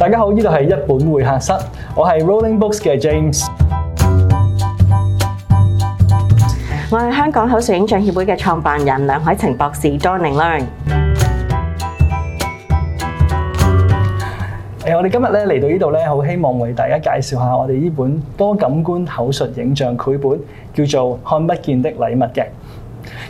大家好，呢度係一本會客室，我係 Rolling Books 嘅 James，我係香港口述影像協會嘅創辦人梁凱程博士 Dawning Leung。誒，我哋今日咧嚟到呢度咧，好希望為大家介紹下我哋呢本多感官口述影像繪本，叫做《看不見的禮物》嘅。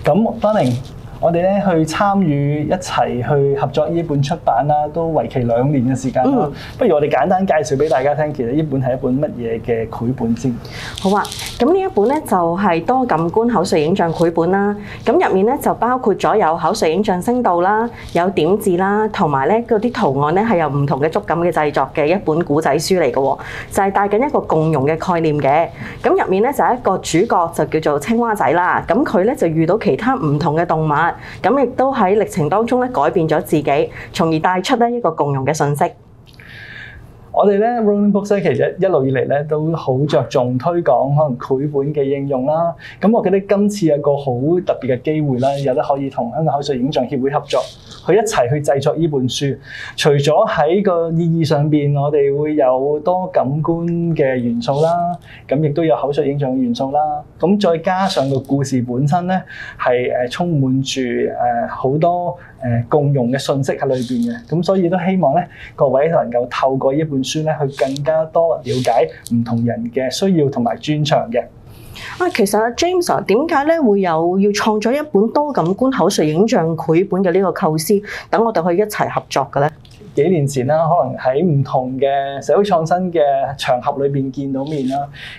咁，Dawning。我哋咧去參與一齊去合作呢本出版啦，都為期兩年嘅時間啦，嗯。不如我哋簡單介紹俾大家聽，其實呢本係一本乜嘢嘅繪本先。好啊。咁呢一本呢，就係多感官口述影像繪本啦，咁入面呢，就包括咗有口述影像聲道啦，有點字啦，同埋呢嗰啲圖案呢，係有唔同嘅觸感嘅製作嘅一本古仔書嚟㗎喎。就係帶緊一個共融嘅概念嘅。咁入面呢，就一個主角就叫做青蛙仔啦，咁佢呢，就遇到其他唔同嘅動物，咁亦都喺歷程當中呢，改變咗自己，從而帶出呢一個共融嘅信息。我哋咧 Rolling Books 咧其實一路以嚟咧都好着重推廣可能繪本嘅應用啦。咁我記得今次有一個好特別嘅機會啦，有得可以同香港口述影像協會合作，去一齊去製作呢本書，除咗喺個意義上邊，我哋會有多感官嘅元素啦，咁亦都有口述影像嘅元素啦。咁再加上個故事本身咧係誒充滿住誒好多誒、呃、共融嘅信息喺裏邊嘅。咁所以都希望咧各位能夠透過呢本書。去更加多了解唔同人嘅需要同埋專長嘅。啊，其實 James 啊，點解咧會有要創作一本多感官口述影像繪本嘅呢個構思，等我哋去一齊合作嘅呢？幾年前啦，可能喺唔同嘅社會創新嘅場合裏面見到面啦。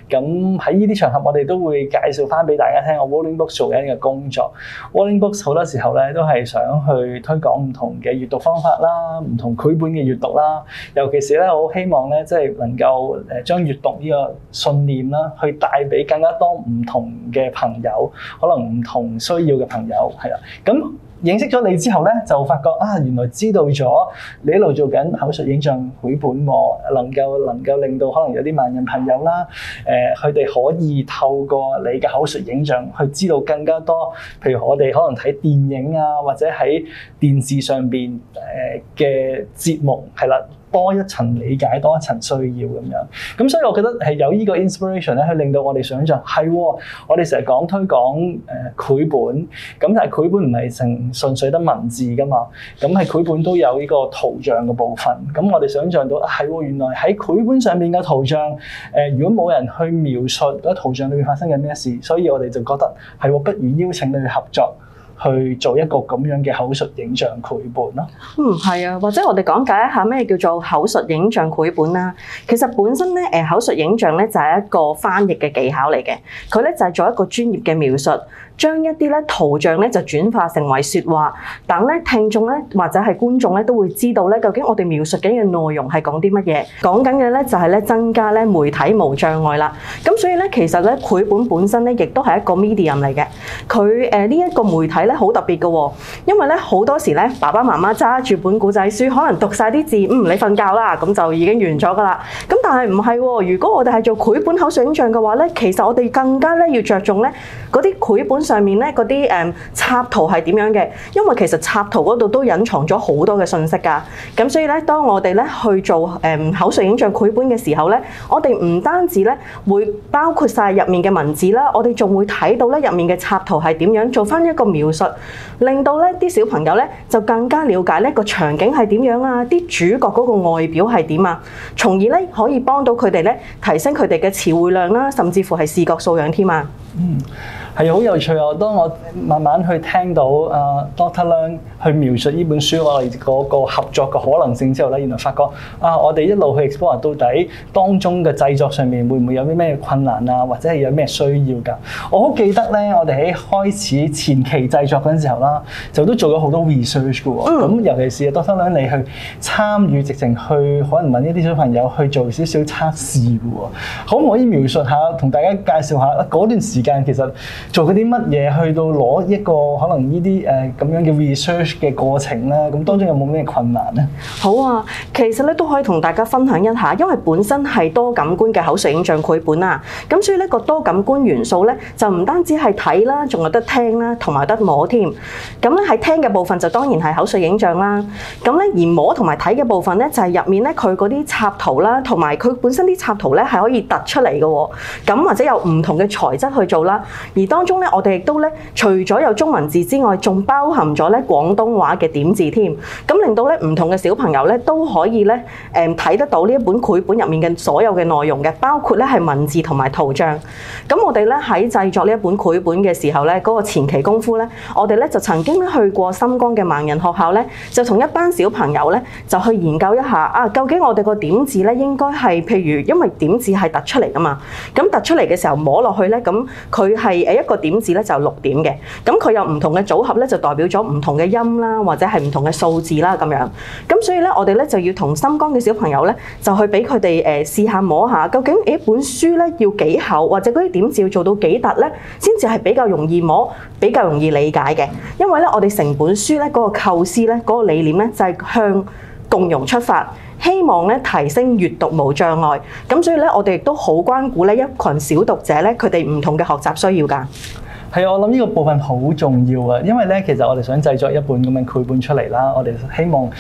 咁喺呢啲場合，我哋都會介紹翻俾大家聽我 Rolling Books 做緊嘅工作。Mm -hmm. Rolling Books 好多時候咧都係想去推廣唔同嘅閱讀方法啦，唔同繪本嘅閱讀啦。尤其是咧，我好希望咧即係能夠誒將閱讀呢個信念啦，去帶俾更加多唔同嘅朋友，可能唔同需要嘅朋友係啦。咁認識咗你之後咧，就發覺啊，原來知道咗你一路做緊口述影像繪本，我能夠能夠令到可能有啲盲人朋友啦，誒佢哋可以透過你嘅口述影像去知道更加多，譬如我哋可能睇電影啊，或者喺電視上面嘅節目係啦。多一層理解，多一層需要咁樣。咁所以我覺得係有呢個 inspiration 咧，去令到我哋想象係、哦。我哋成日講推廣誒、呃、繪本，咁但係繪本唔係成純粹得文字㗎嘛。咁係繪本都有呢個圖像嘅部分。咁我哋想象到係喎、哦，原來喺繪本上面嘅圖像誒、呃，如果冇人去描述嗰啲圖像裏面發生緊咩事，所以我哋就覺得係喎、哦，不如邀請你去合作。去做一個這樣嘅口述影像繪本咯。嗯，係啊，或者我哋講解一下咩叫做口述影像繪本啦。其實本身呢，口述影像呢就係一個翻譯嘅技巧嚟嘅，佢呢就係做一個專業嘅描述。將一啲咧圖像咧就轉化成為説話，等咧聽眾咧或者係觀眾咧都會知道咧究竟我哋描述緊嘅內容係講啲乜嘢。講緊嘅咧就係咧增加咧媒體無障礙啦。咁所以咧其實咧繪本本身咧亦都係一個 medium 嚟嘅。佢誒呢一個媒體咧好特別嘅，因為咧好多時咧爸爸媽媽揸住本古仔書，可能讀晒啲字，嗯，你瞓覺啦，咁就已經完咗噶啦。咁但係唔係喎？如果我哋係做繪本口述影像嘅話咧，其實我哋更加咧要着重咧嗰啲繪本。上面咧嗰啲誒插圖係點樣嘅？因為其實插圖嗰度都隱藏咗好多嘅信息㗎。咁所以咧，當我哋咧去做誒、嗯、口述影像繪本嘅時候咧，我哋唔單止咧會包括晒入面嘅文字啦，我哋仲會睇到咧入面嘅插圖係點樣，做翻一個描述，令到咧啲小朋友咧就更加了解咧個場景係點樣啊！啲主角嗰個外表係點啊？從而咧可以幫到佢哋咧提升佢哋嘅詞彙量啦、啊，甚至乎係視覺素養添啊！嗯。係好有趣啊！當我慢慢去聽到啊 Doctor Leung 去描述呢本書我哋嗰個合作嘅可能性之後咧，原來發覺啊，我哋一路去 explore 到底當中嘅製作上面會唔會有啲咩困難啊，或者係有咩需要㗎？我好記得咧，我哋喺開始前期製作嗰陣時候啦，就都做咗好多 research 嘅喎。咁尤其是 Doctor Leung 你去參與，直情去可能問一啲小朋友去做少少測試嘅喎，可唔可以描述下，同大家介紹下嗰段時間其實？做嗰啲乜嘢去到攞一個可能呢啲誒咁樣嘅 research 嘅過程啦，咁當中有冇咩困難呢？好啊，其實咧都可以同大家分享一下，因為本身係多感官嘅口述影像繪本啊。咁所以呢個多感官元素咧，就唔單止係睇啦，仲有得聽啦，同埋得摸添。咁咧喺聽嘅部分就當然係口述影像啦。咁咧而摸同埋睇嘅部分咧，就係、是、入面咧佢嗰啲插圖啦，同埋佢本身啲插圖咧係可以突出嚟嘅、啊。咁或者有唔同嘅材質去做啦，而當中咧，我哋亦都咧，除咗有中文字之外，仲包含咗咧廣東話嘅點字添。咁令到咧唔同嘅小朋友咧都可以咧誒睇得到呢一本繪本入面嘅所有嘅內容嘅，包括咧係文字同埋圖像。咁我哋咧喺製作呢一本繪本嘅時候咧，嗰個前期功夫咧，我哋咧就曾經去過心光嘅盲人學校咧，就同一班小朋友咧就去研究一下啊，究竟我哋個點字咧應該係譬如，因為點字係突出嚟噶嘛，咁突出嚟嘅時候摸落去咧，咁佢係一個點字咧就六點嘅，咁佢有唔同嘅組合咧，就代表咗唔同嘅音啦，或者係唔同嘅數字啦咁樣。咁所以咧，我哋咧就要同心光嘅小朋友咧，就去俾佢哋誒試下摸下，究竟呢本書咧要幾厚，或者嗰啲點字要做到幾突咧，先至係比較容易摸，比較容易理解嘅。因為咧，我哋成本書咧嗰個構思咧，嗰個理念咧就係向共融出發。希望提升閱讀無障礙，所以呢，我哋亦都好關顧一群小讀者，呢佢哋唔同嘅學習需要㗎。係啊，我諗呢個部分好重要啊，因為咧，其實我哋想製作一本咁嘅繪本出嚟啦，我哋希望誒唔、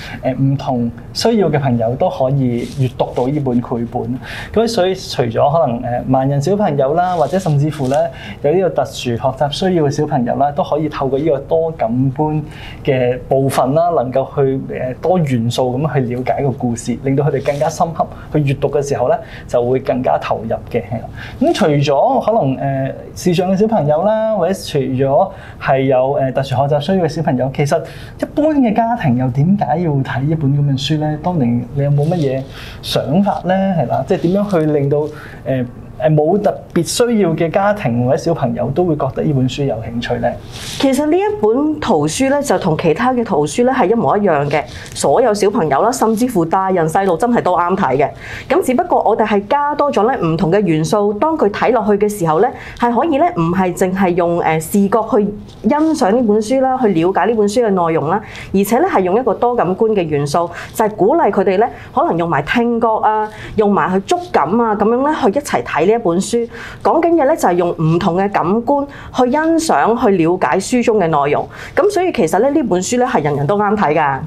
呃、同需要嘅朋友都可以閱讀到呢本繪本。咁所以除咗可能誒盲、呃、人小朋友啦，或者甚至乎咧有呢個特殊學習需要嘅小朋友啦，都可以透過呢個多感官嘅部分啦，能夠去、呃、多元素咁去了解個故事，令到佢哋更加深刻去閱讀嘅時候咧，就會更加投入嘅。係啦。咁除咗可能誒、呃、視障嘅小朋友啦，除咗係有誒特殊學習需要嘅小朋友，其實一般嘅家庭又點解要睇一本咁嘅書咧？當年你有冇乜嘢想法咧？係啦，即係點樣去令到誒？呃誒冇特別需要嘅家庭或者小朋友都會覺得呢本書有興趣咧。其實呢一本圖書咧就同其他嘅圖書咧係一模一樣嘅，所有小朋友啦，甚至乎大人細路真係都啱睇嘅。咁只不過我哋係加多咗咧唔同嘅元素，當佢睇落去嘅時候咧係可以咧唔係淨係用誒視覺去欣賞呢本書啦，去了解呢本書嘅內容啦，而且咧係用一個多感官嘅元素，就係鼓勵佢哋咧可能用埋聽覺啊，用埋去觸感啊咁樣咧去一齊睇。睇呢一本書講緊嘅咧就係用唔同嘅感官去欣賞、去了解書中嘅內容。咁所以其實咧呢本書咧係人人都啱睇噶。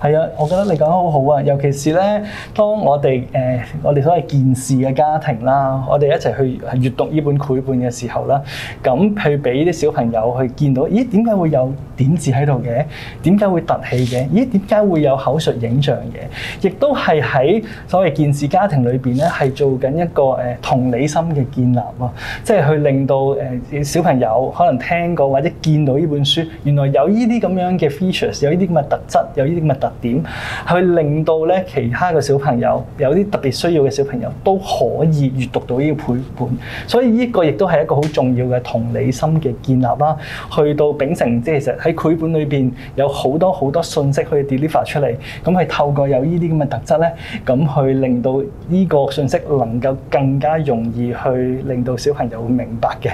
係啊，我覺得你講得好好啊，尤其是咧，當我哋誒我哋所謂健視嘅家庭啦，我哋一齊去閲讀依本繪本嘅時候啦，咁去俾啲小朋友去見到，咦？點解會有點字喺度嘅？點解會凸起嘅？咦？點解會有口述影像嘅？亦都係喺所謂健視家庭裏邊咧，係做緊一個誒同理心嘅建立啊，即係去令到誒小朋友可能聽過或者見到依本書，原來有依啲咁樣嘅 features，有依啲咁嘅特質，有依啲咁嘅特。點去令到咧其他嘅小朋友有啲特別需要嘅小朋友都可以閱讀到呢個繪本，所以呢個亦都係一個好重要嘅同理心嘅建立啦。去到秉承，即係其實喺繪本裏邊有好多好多信息去 deliver 出嚟，咁係透過有這些呢啲咁嘅特質咧，咁去令到呢個信息能夠更加容易去令到小朋友明白嘅。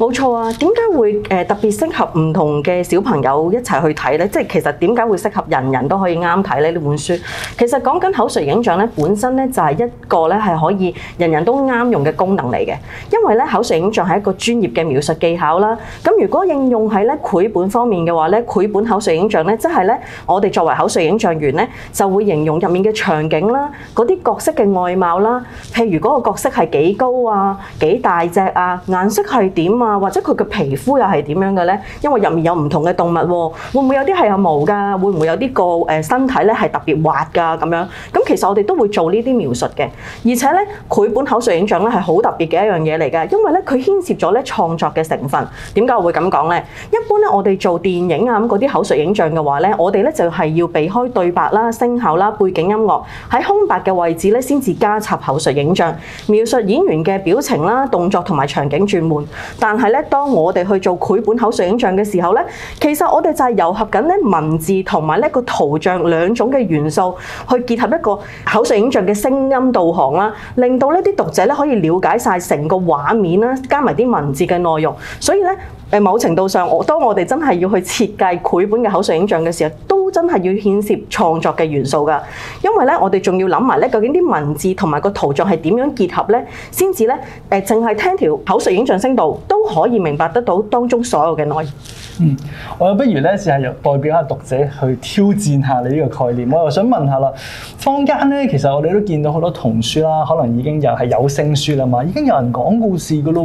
冇錯啊！點解會特別適合唔同嘅小朋友一齊去睇呢？即係其實點解會適合人人都可以啱睇呢？呢本書其實講緊口述影像本身就係一個係可以人人都啱用嘅功能嚟嘅。因為口述影像係一個專業嘅描述技巧啦。咁如果應用喺咧繪本方面嘅話呢，繪本口述影像呢，即係呢，我哋作為口述影像員呢，就會形容入面嘅場景啦，嗰啲角色嘅外貌啦，譬如嗰個角色係幾高啊，幾大隻啊，顏色係點啊？或者佢嘅皮膚又係點樣嘅咧？因為入面有唔同嘅動物，哦，會唔會有啲係有毛噶？會唔會有啲個誒身體咧係特別滑噶咁樣？咁其實我哋都會做呢啲描述嘅。而且咧，繪本口述影像咧係好特別嘅一樣嘢嚟嘅，因為咧佢牽涉咗咧創作嘅成分。點解我會咁講咧？一般咧我哋做電影啊嗰啲口述影像嘅話咧，我哋咧就係要避開對白啦、聲效啦、背景音樂，喺空白嘅位置咧先至加插口述影像，描述演員嘅表情啦、動作同埋場景轉換，但係咧，當我哋去做繪本口述影像嘅時候咧，其實我哋就係糅合緊咧文字同埋呢個圖像兩種嘅元素，去結合一個口述影像嘅聲音導航啦，令到呢啲讀者咧可以了解晒成個畫面啦，加埋啲文字嘅內容，所以咧。某程度上，我當我哋真係要去設計繪本嘅口述影像嘅時候，都真係要牽涉創作嘅元素㗎。因為咧，我哋仲要諗埋咧，究竟啲文字同埋個圖像係點樣結合咧，先至咧誒，淨、呃、係聽條口述影像聲道都可以明白得到當中所有嘅內容。嗯，我又不如咧試下代表下讀者去挑戰下你呢個概念。我又想問下啦，坊間咧其實我哋都見到好多童書啦，可能已經又係有聲書啦嘛，已經有人講故事㗎咯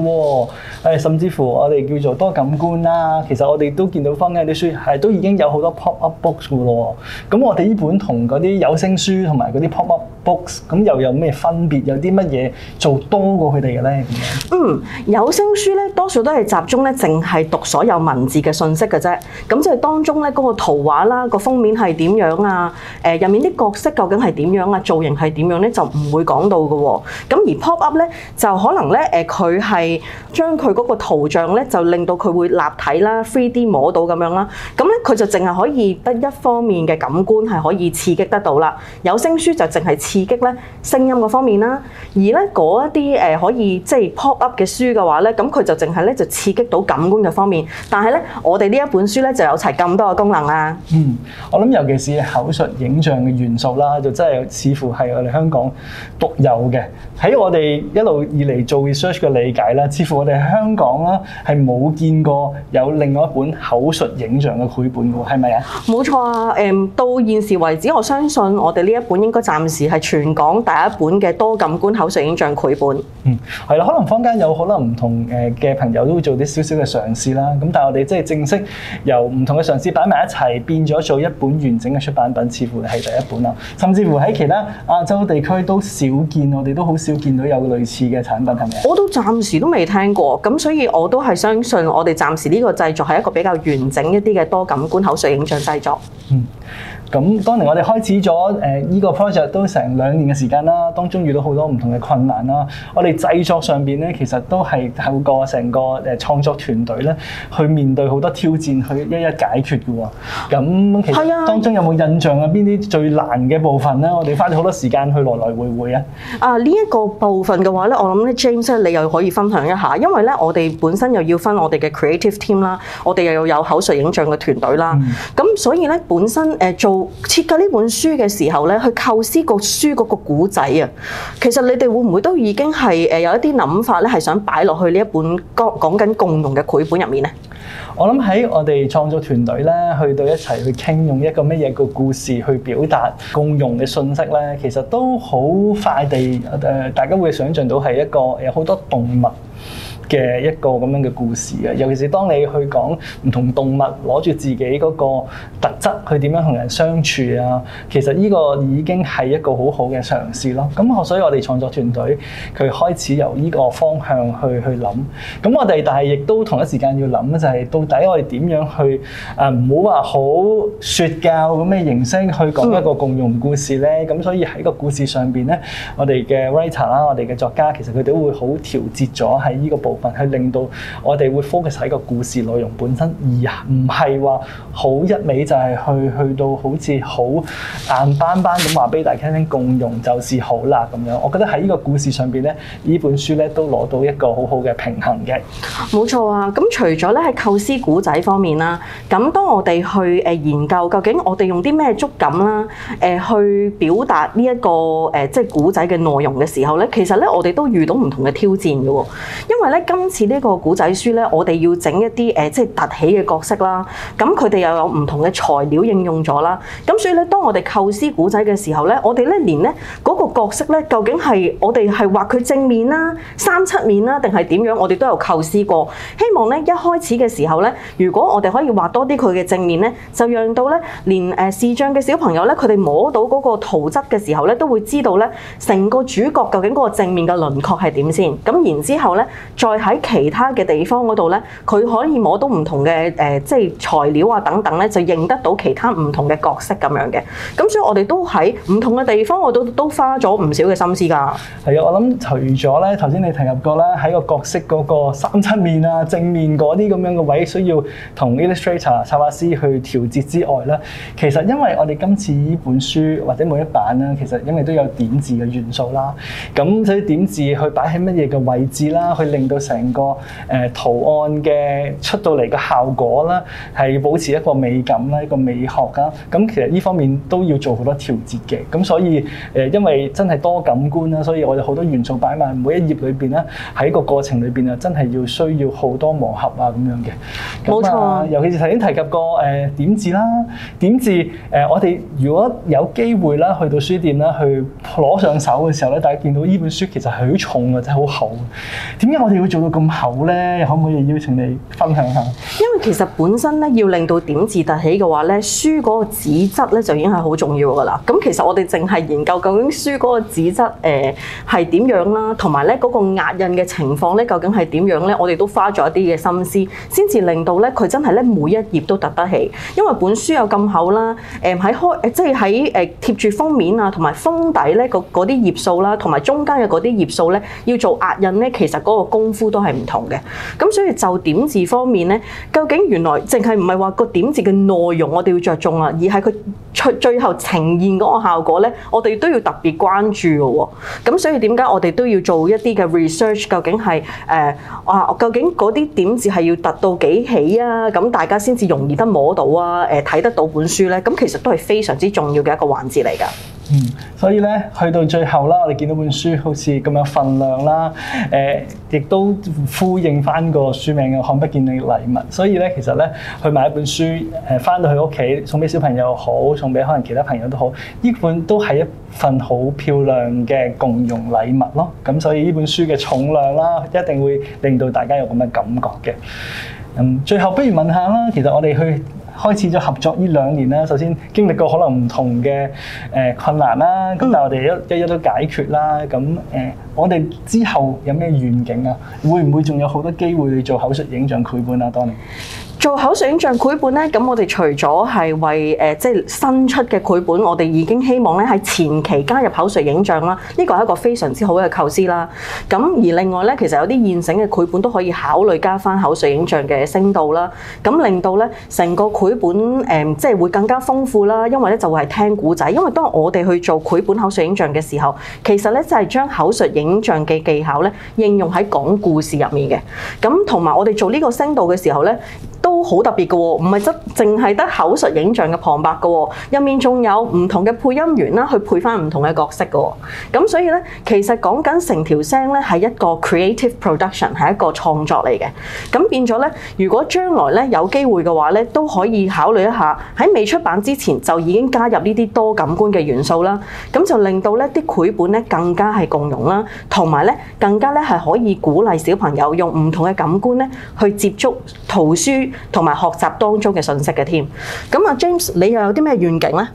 喎。甚至乎我哋叫做多感官啦、啊，其實我哋都見到翻嘅啲書係都已經有好多 pop up books 噶咯。咁我哋呢本同嗰啲有聲書同埋嗰啲 pop up books，咁又有咩分別？有啲乜嘢做多過佢哋嘅咧？咁樣嗯，有聲書咧多數都係集中咧，淨係讀所有文字嘅信息嘅啫。咁即係當中咧、嗰個圖畫啦，個封面係點樣啊？誒、呃、入面啲角色究竟係點樣啊？造型係點樣咧？就唔會講到嘅喎、哦。咁而 pop up 咧就可能咧誒佢係將佢嗰個圖像咧就令到。佢會立體啦，three D 摸到咁樣啦，咁佢就淨係可以得一方面嘅感官係可以刺激得到啦。有聲書就淨係刺激咧聲音嗰方面啦。而咧嗰一啲誒可以即係 pop up 嘅書嘅話咧，咁佢就淨係咧就刺激到感官嘅方面。但係咧，我哋呢一本書咧就有齊咁多嘅功能啦。嗯，我諗尤其是口述影像嘅元素啦，就真係似乎係我哋香港獨有嘅。喺我哋一路以嚟做 research 嘅理解啦，似乎我哋香港啦係冇見過有另外一本口述影像嘅繪。係咪啊？冇錯啊！到現時為止，我相信我哋呢一本應該暫時係全港第一本嘅多感官口述影像繪本。嗯，係啦，可能坊間有好多唔同誒嘅朋友都會做啲少少嘅嘗試啦。咁但係我哋即係正式由唔同嘅嘗試擺埋一齊，變咗做一本完整嘅出版品，似乎係第一本啦。甚至乎喺其他亞洲地區都少見，我哋都好少見到有類似嘅產品，係咪？我都暫時都未聽過。咁所以我都係相信，我哋暫時呢個製作係一個比較完整一啲嘅多感。官口述影像製作。嗯咁當年我哋開始咗誒呢個 project 都成兩年嘅時間啦，當中遇到好多唔同嘅困難啦。我哋製作上邊咧，其實都係透過個成個誒創作團隊咧去面對好多挑戰，去一一解決嘅喎。咁其實當中有冇印象啊？邊啲最難嘅部分咧？我哋花咗好多時間去來來回回啊。啊，呢、這、一個部分嘅話咧，我諗咧 James 咧，你又可以分享一下，因為咧我哋本身又要分我哋嘅 creative team 啦，我哋又要有口述影像嘅團隊啦。咁、嗯、所以咧本身誒、呃、做設計呢本書嘅時候咧，去構思個書嗰個古仔啊，其實你哋會唔會都已經係誒有一啲諗法咧，係想擺落去呢一本講講緊共融嘅繪本入面呢？我諗喺我哋創作團隊咧，去到一齊去傾，用一個乜嘢個故事去表達共融嘅信息咧，其實都好快地誒、呃，大家會想象到係一個有好多動物。嘅一個咁樣嘅故事啊，尤其是當你去講唔同動物攞住自己嗰個特質去點樣同人相處啊，其實呢個已經係一個好好嘅嘗試咯。咁我所以我哋創作團隊佢開始由呢個方向去去諗。咁我哋但係亦都同一時間要諗咧，就係到底我哋點樣去誒唔好話好說教咁嘅形式去講一個共融故事咧。咁所以喺個故事上邊咧，我哋嘅 writer 啦、啊，我哋嘅作家其實佢哋都會好調節咗喺呢個部。部分係令到我哋會 focus 喺個故事內容本身，而唔係話好一味就係、是、去去到好似好硬邦邦咁話俾大家聽，共融就是好啦咁樣。我覺得喺呢個故事上邊咧，呢本書咧都攞到一個好好嘅平衡嘅。冇錯啊！咁除咗咧喺構思故仔方面啦，咁當我哋去誒研究究竟我哋用啲咩觸感啦誒去表達呢一個誒即係故仔嘅內容嘅時候咧，其實咧我哋都遇到唔同嘅挑戰嘅喎，因為咧。今次呢個古仔書呢，我哋要整一啲即係凸起嘅角色啦。咁佢哋又有唔同嘅材料應用咗啦。咁所以咧，當我哋構思古仔嘅時候呢，我哋咧連呢嗰個角色呢，究竟係我哋係畫佢正面啦、三七面啦，定係點樣？我哋都有構思過。希望呢，一開始嘅時候呢，如果我哋可以多畫多啲佢嘅正面呢，就讓到呢連誒視障嘅小朋友呢，佢哋摸到嗰個圖質嘅時候呢，都會知道呢，成個主角究竟嗰個正面嘅輪廓係點先。咁然之後呢，再喺其他嘅地方嗰度咧，佢可以摸到唔同嘅誒、呃、即係材料啊等等咧，就認得到其他唔同嘅角色咁樣嘅。咁所以我哋都喺唔同嘅地方的的的，我都都花咗唔少嘅心思噶。係啊，我諗除咗咧，頭先你提及過咧，喺個角色嗰個三七面啊、正面嗰啲咁樣嘅位，需要同 illustrator 策劃師去調節之外咧，其實因為我哋今次呢本書或者每一版咧，其實因為都有點字嘅元素啦，咁所以點字去擺喺乜嘢嘅位置啦，去令到成個誒、呃、圖案嘅出到嚟嘅效果啦，係保持一個美感啦，一個美學啦。咁其實呢方面都要做好多調節嘅。咁所以誒、呃，因為真係多感官啦，所以我哋好多元素擺埋每一頁裏邊啦，喺個過程裏邊啊，真係要需要好多磨合啊咁樣嘅。冇錯。尤其是頭先提及過誒、呃、點字啦，點字誒、呃，我哋如果有機會啦，去到書店啦，去攞上手嘅時候咧，大家見到呢本書其實係好重嘅，啊，真係好厚，啊。點解我哋要做？做咁厚咧，可唔可以邀請你分享下？因為其實本身咧要令到點字凸起嘅話咧，書嗰個紙質咧就已經係好重要噶啦。咁其實我哋淨係研究究竟書嗰個紙質誒係點樣啦，同埋咧嗰個壓印嘅情況咧究竟係點樣咧？我哋都花咗一啲嘅心思，先至令到咧佢真係咧每一頁都凸得起。因為本書有咁厚啦，誒、呃、喺開即係喺誒貼住封面啊，同埋封底咧個嗰啲頁數啦，同埋中間嘅嗰啲頁數咧要做壓印咧，其實嗰個功夫。都係唔同嘅，咁所以就點字方面呢，究竟原來淨係唔係話個點字嘅內容我哋要着重啊，而係佢出最後呈現嗰個效果呢，我哋都要特別關注嘅喎。咁所以點解我哋都要做一啲嘅 research？究竟係誒、呃、啊？究竟嗰啲點字係要突到幾起啊？咁大家先至容易得摸到啊？誒、呃、睇得到本書呢。咁其實都係非常之重要嘅一個環節嚟噶。嗯，所以咧去到最後啦，我哋見到本書好似咁有份量啦，誒、呃、亦都呼應翻個書名嘅《看不見的禮物》。所以咧，其實咧去買一本書，誒、呃、翻到去屋企送俾小朋友好，送俾可能其他朋友都好，呢本都係一份好漂亮嘅共用禮物咯。咁所以呢本書嘅重量啦，一定會令到大家有咁嘅感覺嘅。嗯，最後不如問下啦，其實我哋去。開始咗合作呢兩年啦，首先經歷過可能唔同嘅誒困難啦，咁、嗯、但係我哋一一一都解決啦，咁誒我哋之後有咩願景啊？會唔會仲有好多機會去做口述影像繪本啊 Dawning？做口述影像繪本咧，咁我哋除咗係為、呃、即係新出嘅繪本，我哋已經希望咧喺前期加入口述影像啦。呢、呢個係一個非常之好嘅構思啦。咁而另外咧，其實有啲現成嘅繪本都可以考慮加返口述影像嘅聲道啦。咁令到咧成個繪本、呃、即係會更加豐富啦。因為咧就會係聽故仔。因為當我哋去做繪本口述影像嘅時候，其實咧就係、係、將口述影像嘅技巧咧應用喺講故事入面嘅。咁同埋我哋做呢個聲道嘅時候咧。都好特別㗎喎，唔係只淨係得口述影像嘅旁白㗎喎，入面仲有唔同嘅配音員啦，去配返唔同嘅角色㗎喎。咁所以呢，其實講緊成條聲呢，係一個 creative production，係一個創作嚟嘅。咁變咗呢，如果將來呢，有機會嘅話呢，都可以考慮一下喺未出版之前就已經加入呢啲多感官嘅元素啦。咁就令到呢啲繪本呢更加係共融啦，同埋呢更加咧係可以鼓勵小朋友用唔同嘅感官呢，去接觸圖書。同埋學習當中嘅信息嘅添，咁啊 James，你又有啲咩願景呢？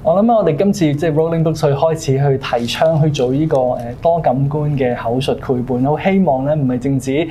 我諗我哋今次即係、就是、Rolling Books 去開始去提倡去做呢、這個、呃、多感官嘅口述繪本，好希望咧唔係淨止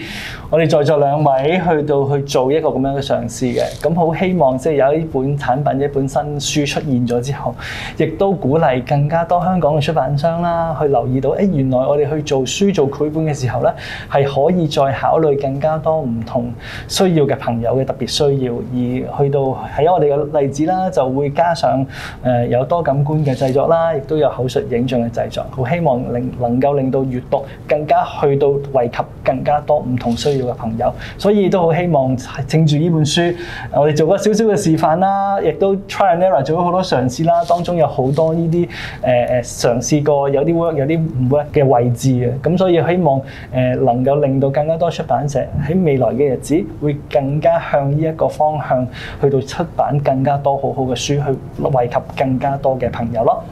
我哋在座兩位去到去做一個咁樣嘅嘗試嘅。咁好希望即係有一本產品、一本新書出現咗之後，亦都鼓勵更加多香港嘅出版商啦，去留意到誒、欸、原來我哋去做書做繪本嘅時候咧，係可以再考慮更加多唔同需要嘅朋友嘅特別需要，而去到喺我哋嘅例子啦，就會加上、呃有多感官嘅製作啦，亦都有口述影像嘅製作，好希望令能夠令到閱讀更加去到惠及。更加多唔同需要嘅朋友，所以都好希望趁住呢本書，我哋做咗少少嘅示範啦，亦都 trial and error 做咗好多嘗試啦，當中有好多呢啲誒誒嘗試過，有啲 work 有啲唔 work 嘅位置啊，咁所以希望誒、呃、能夠令到更加多出版社喺未來嘅日子會更加向呢一個方向去到出版更加多好好嘅書，去惠及更加多嘅朋友咯。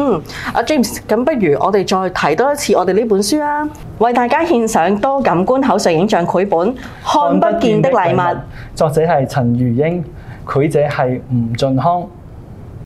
嗯，James，咁不如我哋再提多一次我哋呢本書啊，為大家獻上多感官口述影像繪本《看不見的禮物》禮物，作者係陳如英，繪者係吳俊康。